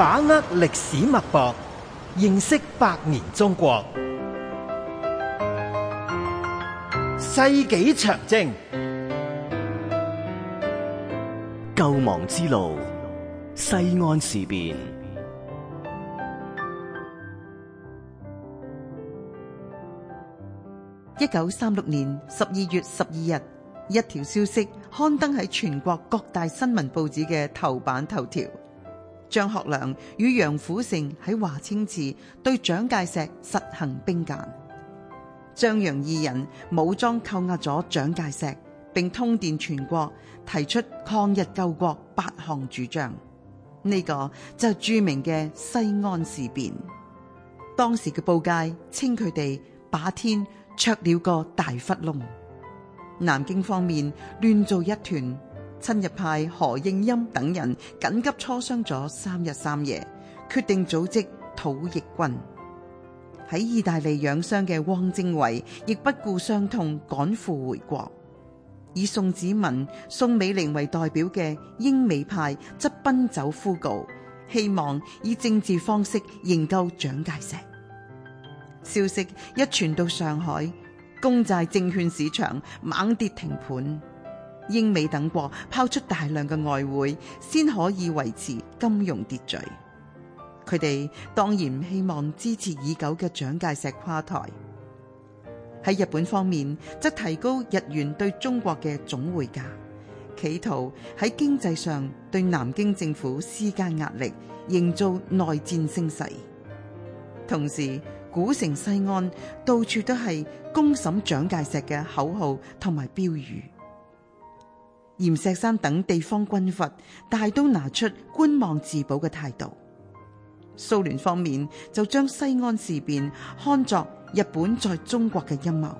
把握歷史脈搏，認識百年中國。世紀長征，救亡之路。西安事變。一九三六年十二月十二日，一條消息刊登喺全國各大新聞報紙嘅頭版頭條。張學良與楊虎城喺華清池對蔣介石實行兵諫，張楊二人武裝扣押咗蔣介石，並通電全國提出抗日救國八項主張。呢個就係著名嘅西安事變。當時嘅報界稱佢哋把天戳了個大窟窿。南京方面亂做一團。親日派何應欽等人緊急磋商咗三日三夜，決定組織討逆軍。喺意大利養傷嘅汪精衛亦不顧傷痛，趕赴回國。以宋子文、宋美齡為代表嘅英美派則奔走呼告，希望以政治方式營救蔣介石。消息一傳到上海，公債證券市場猛跌停盤。英美等國拋出大量嘅外匯，先可以維持金融秩序。佢哋當然希望支持已久嘅蔣介石垮台。喺日本方面，則提高日元對中國嘅總匯價，企圖喺經濟上對南京政府施加壓力，營造內戰聲勢。同時，古城西安到處都係公審蔣介石嘅口號同埋標語。鹽石山等地方軍閥大都拿出觀望自保嘅態度，蘇聯方面就將西安事變看作日本在中國嘅陰謀。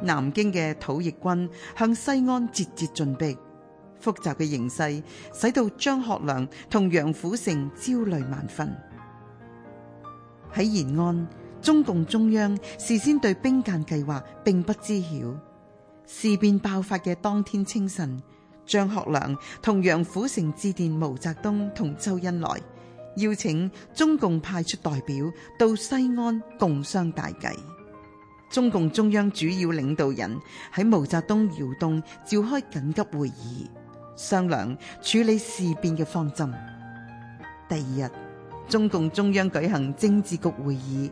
南京嘅討逆軍向西安節節進逼，複雜嘅形勢使到張學良同楊虎城焦慮萬分。喺延安，中共中央事先對兵諫計劃並不知曉。事變爆發嘅當天清晨，張學良同楊虎城致電毛澤東同周恩來，邀請中共派出代表到西安共商大計。中共中央主要領導人喺毛澤東窯洞召開緊急會議，商量處理事變嘅方針。第二日，中共中央舉行政治局會議，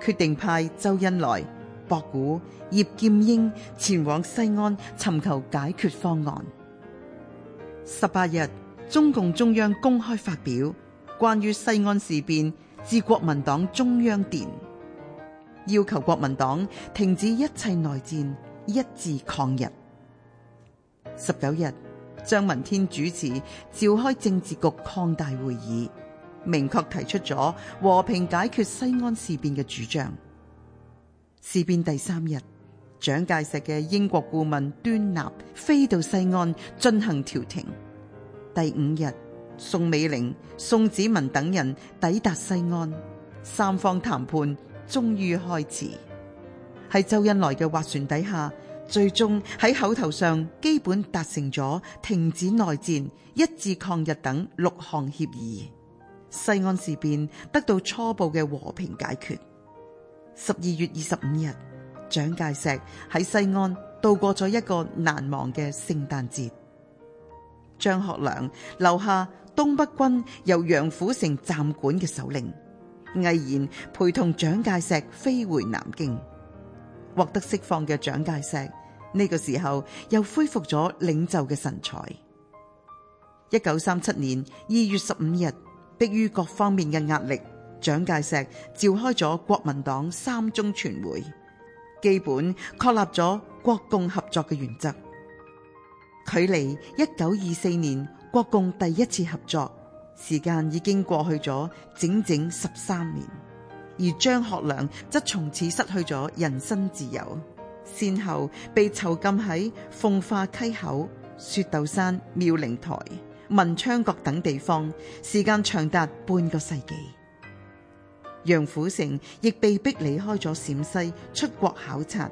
決定派周恩來。博古、葉劍英前往西安尋求解決方案。十八日，中共中央公開發表《關於西安事變致國民黨中央電》，要求國民黨停止一切內戰，一致抗日。十九日，張聞天主持召開政治局擴大會議，明確提出咗和平解決西安事變嘅主張。事變第三日，蔣介石嘅英國顧問端納飛到西安進行調停。第五日，宋美齡、宋子文等人抵達西安，三方談判終於開始。喺周恩來嘅斡旋底下，最終喺口頭上基本達成咗停止內戰、一致抗日等六項協議。西安事變得到初步嘅和平解決。十二月二十五日，蔣介石喺西安度過咗一個難忘嘅聖誕節。張學良留下東北軍由楊虎城暫管嘅手令，毅然陪同蔣介石飛回南京。獲得釋放嘅蔣介石呢個時候又恢復咗領袖嘅神采。一九三七年二月十五日，迫於各方面嘅壓力，蔣介石召開咗國民黨三中全會，基本確立咗國共合作嘅原則。距離一九二四年國共第一次合作時間已經過去咗整整十三年，而張學良則從此失去咗人身自由，先後被囚禁喺奉化溪口、雪竇山、妙齡台、文昌閣等地方，時間長達半個世紀。楊虎城亦被迫離開咗陝西，出國考察，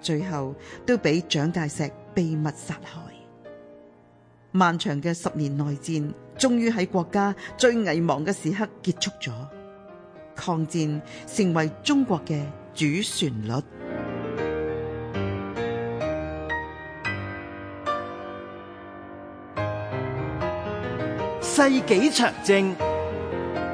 最後都俾蔣介石秘密殺害。漫長嘅十年內戰，終於喺國家最危亡嘅時刻結束咗，抗戰成為中國嘅主旋律。世紀長征。